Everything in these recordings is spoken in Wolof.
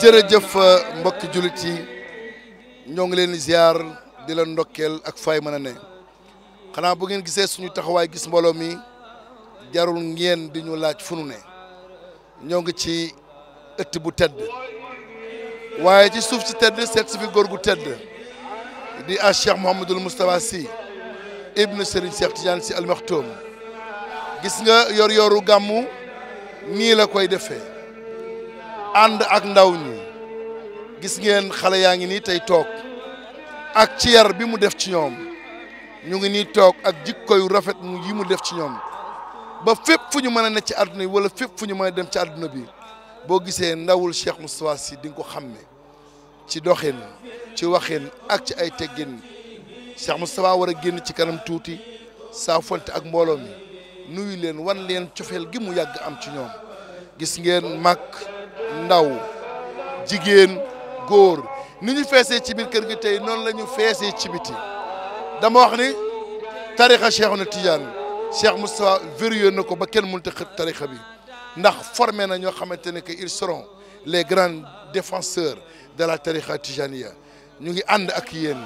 jërëjëf mbokki jullit yi ñoo ngi leen ziar di la ndokkeel ak fay mën a ne xanaa bu ngeen gisee suñu taxawaay gis mbooloo mi jarul ngeen di ñu laaj fu nu ne ñoo ngi ci ëtt bu tedd waaye ci suuf si tedd seet si fi góor gu tedd di a Cheikh Mouhamadul Moustapha Sy ibnu Serigne Cheikh Tidiane Sy Al Maktoum gis nga yor-yoru gàmmu nii la koy defee ànd ak ndaw ñi gis ngeen xale yaa ngi nii tey toog ak ci yar bi mu def ci ñoom ñu ngi nii toog ak jikko yu rafet yi mu def ci ñoom. ba fépp fu ñu mën a nekk ci àdduna bi wala fépp fu ñu mën a dem ci àdduna bi boo gisee ndawul Cheikh Moustapha Sy di nga ko xam ne ci doxin ci waxin ak ci ay teggin Cheikh Moustapha war a génn ci kanam tuuti saa ak mbooloo mi nuyu leen wan leen cofeel gi mu yàgg am ci ñoom gis ngeen mag ndaw jigéen góor ni ñu feesee ci biir kër gi tey noonu lañu feesee ci biti dama wax ni tarixa Cheikhouna Tidiane Cheikh Moustapha yoon na ko ba kenn mun a xët tarixa bi ndax formé na ñoo xamante ne que ils soron les grands défenseurs de la tarixa tijaniya ñu ngi ànd ak yéen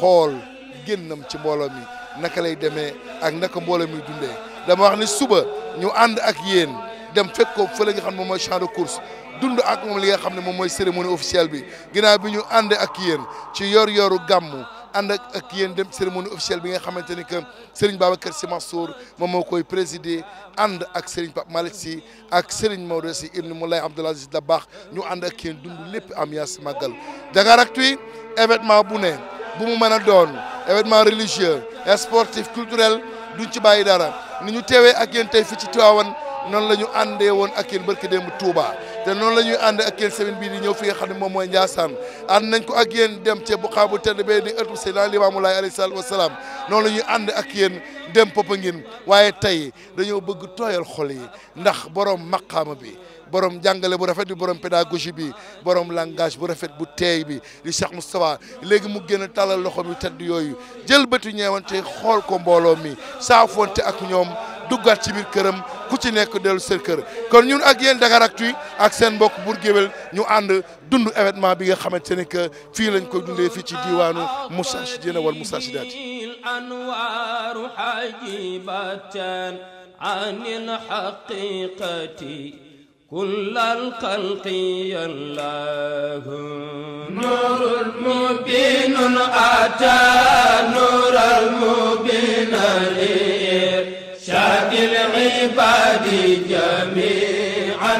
xool génnam ci mbooloo mi naka lay demee ak naka mbooloo mi dundee dama wax ni suba ñu ànd ak yéen dem fekk ko fële nga xam ne mooy champ de course dund ak moom li nga xam ne moom mooy cérémonie officielle bi ginnaaw bi ñu ànd ak yéen ci yor-yoru gàmmu. ànd ak ak yéen dem cérémonie officielle bi nga xamante ni que Serigne Babacar Sy Mansour moom moo koy présider ànd ak Serigne Pape Malick Sy ak Serigne Maodo Sy ibn Moulay Abdoul Aziz Dabakh ñu ànd ak yéen dund lépp ambiance màggal Dakaractu événement bu ne bu mu mën a doon événement religieux sportif culturel duñ ci bàyyi dara ni ñu teewee ak yéen tey fi ci Tivaouane noonu la ñu àndee woon ak yéen barki démb Touba te noonu la ñuy ànd ak yéen semaine bii di ñëw fi nga xam ne moom mooy Ndiassane ànd nañ ko ak yéen dem ci bu xaabu tedd bee di ëttu Seydina Limaamu Laay alayhi salaatu wa noonu la ñuy ànd ak yéen dem Popenguine waaye tey dañoo bëgg tooyal xol yi ndax borom maqaama bi borom jàngale bu rafet bi borom pédagogie bi borom langage bu rafet bu teey bi di Cheikh Moustapha léegi mu gën a tàllal loxo mi tedd yooyu jël ñeewan ñeewante xool ko mbooloo mi saafonte ak ñoom duggaat ci bir kërëm ku ci nekk dellu seen kër kon ñun ak yéen Dakaractu ak tuy ak seen mbokk bur Gueweul ñu ànd dund événement bi nga xamantene ne que fii lañ koy dundé fi ci diwanu diwaanu Moustarchidina wal Moustarchidaati كل الخلق يلاه نور المبين أتى نور المبين لي عبادي جميعا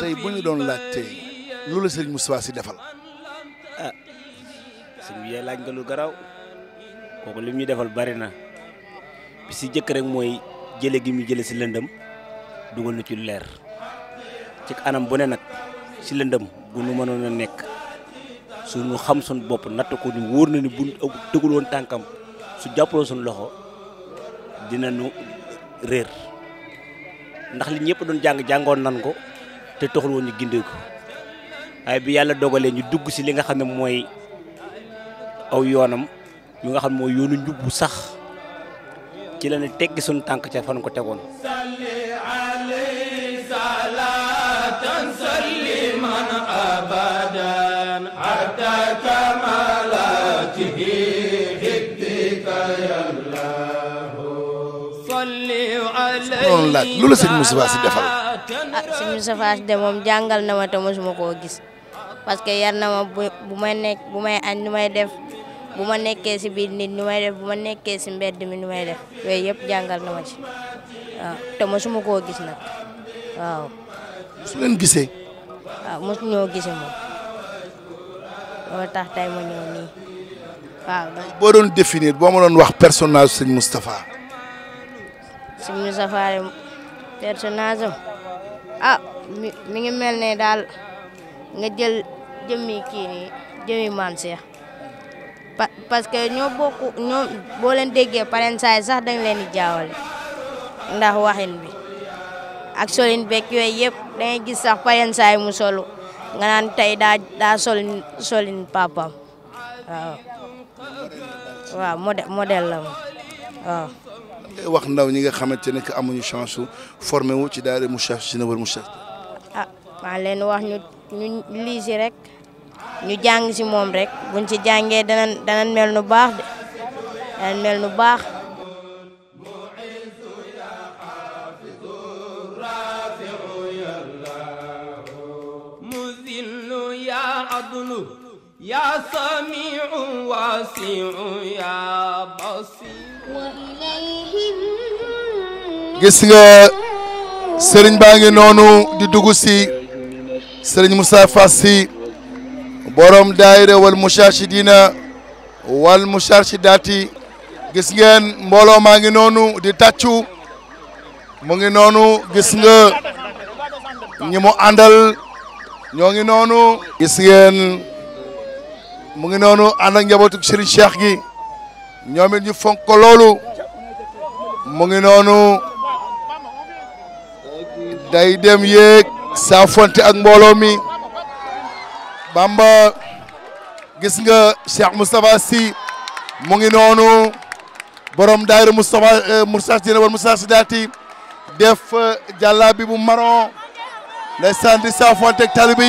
tey bu ñu doon laaj tey loolu sëriñ Moustapha Sy defal ah sëriñ laaj nga lu garaw kooku li mu ñu defal bari na bi si jëkk rek mooy jële gi mu jële si lëndëm dugal na ci leer ci anam bu ne nag si lëndëm bu nu mënoon a nekk suñu xam suñ bopp natt ko ni wóor na ni bu tëgul tànkam su jàppaloo suñ loxo nu réer ndax li ñëpp doon jàng jàngoon nan ko te taxul woon ñu gindee ko waaye bi yàlla dogalee ñu dugg si li nga xam ne mooy aw yoonam mi nga xam mooy yoonu njub sax ci la ne teggi suñu tànk ca fan ko tegoon. salatan salliman abadan hatta kama waroon laaj lu la sëñ ah sëñ Moustapha Sy de moom jàngal na ma te koo gis parce que yar na ma bu may nekk bu may añ nu may def bu ma nekkee si biir nit nu may def bu ma nekkee si mbedd mi nu may def yooyu yëpp jàngal na ma ci waaw ah, te mosuma koo gis nag waaw. mosu leen gisee. Ah, moom loolu tax tey ma ñëw nii waaw. boo doon définir boo ma doon wax personnage sëñ Moustapha. sëñ Moustapha personnage am ah mi ngi mel ne daal nga jël jëmmi kii nii jëmmi maam parce que ñoo bokk ñoo boo leen pareen saay sax dañ leen di ndax waxin bi ak solin beeg yooyu yëpp da ngay gis sax pareen saay mu solu nga naan tey daa solin papam waaw waaw modèle wax ndaw ñi nga xamante ne que amuñu chance su formé wu ci daara Moustarchidina wal Moustarchida. ah maa leen wax ñu ñu lii rek ñu jàng si moom rek buñ ci jàngee danañ danañ mel nu baax de mel nu baax. adulu يا سميع واسع يا بصير gis nga sëriñ baa ngi noonu di dugg si sëriñ Moustapha Sy borom daayira wal mushashidina wal mushashidaati gis ngeen mbooloo maa ngi noonu di tàccu mu ngi noonu gis nga ñi mu àndal ñoo ngi noonu gis ngeen mu ngi noonu ànd ak njabootu Serigne Cheikh gi ñoom ñu fonk ko loolu mu ngi noonu day dem yéeg saa ak mbooloo mi Bamba gis nga Cheikh Moustapha Sy mu ngi noonu borom daayira Moustapha euh, Moussa Sy wala Moussa Sy daati def euh, jàllaa bi bu maron ndeysaan di saa ak talibe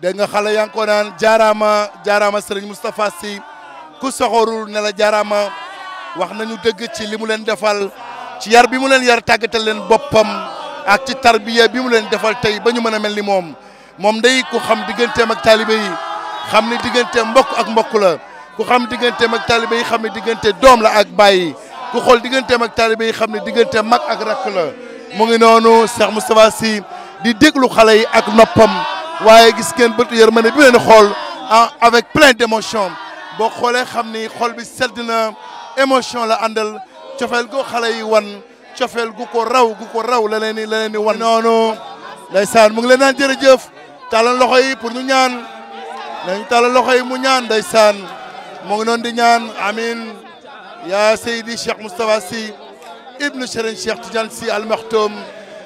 dégg nga xale yaa ngi naan jaaraama jaaraama sëriñ Moustapha si ku soxorul ne la jaaraama wax nañu dëgg ci li mu leen defal ci yar bi mu leen yar tàggatal leen boppam ak ci tarbiya bi mu leen defal tey ba ñu mën a mel ni moom moom day ku xam digganteem ak taalibe yi xam ni diggante mbokk ak mbokk la ku xam digganteem ak taalibe yi xam ni diggante doom la ak bàyyi ku xool digganteem ak taalibe yi xam ni diggante mag ak rakk la mu ngi noonu Cheikh Moustapha Sy di déglu xale yi ak noppam waaye gis ngeen bët yërmande bi leen xool ah, avec plein d'émotion boo xoolee xam ni xool bi sedd na émotion la àndal cofeel gu xale yi wan cofeel gu ko raw gu ko raw la leen ni la leen ni wan noonu ndeysaan mu ngi leen naan jërëjëf tàllal loxo yi pour ñu ñaan nañ tàllal loxo yi mu ñaan ndeysaan mu ngi noonu di ñaan amin yaa Seydi Cheikh Moustapha Sy ibnu Serigne Cheikh Tidiane Sy Al Maktoum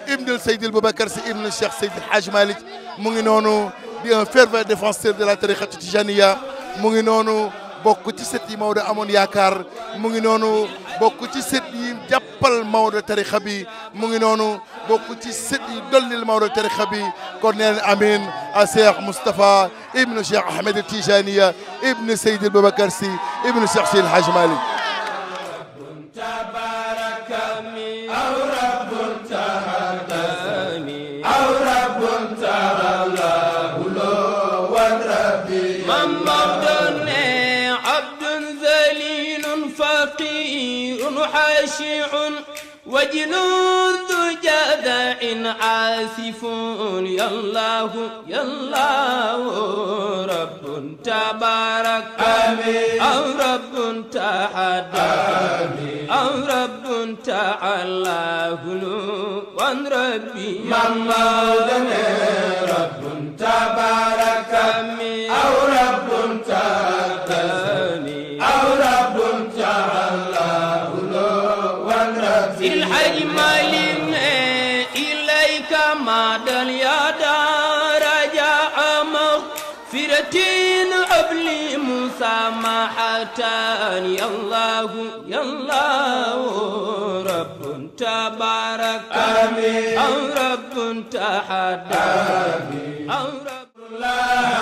ابن السيد البوبكر سي ابن الشيخ سيد الحاج مالك موغي نونو دي ان فيرف ديفونسير دي لا تاريخ التيجانيه موغي نونو بوكو تي سيت يي مودا امون ياكار موغي نونو بوكو تي سيت يي جابال مودا تاريخ بي موغي نونو بوكو تي سيت يي دوليل مودا تاريخ بي كورنيل امين الشيخ مصطفى ابن الشيخ احمد التيجانيه ابن السيد البوبكر سي ابن الشيخ سيد الحاج مالك خاشع وجنود جذع عاسفون يا الله يا الله رب تبارك آمين أو رب تعالى آمين أو رب تعالى عن ربي من رب تبارك آمين حماد يا دار يا عمر فرتين أبلي مسامحة يا الله يا الله رب تبارك آمين أو رب تحدى أو رب الله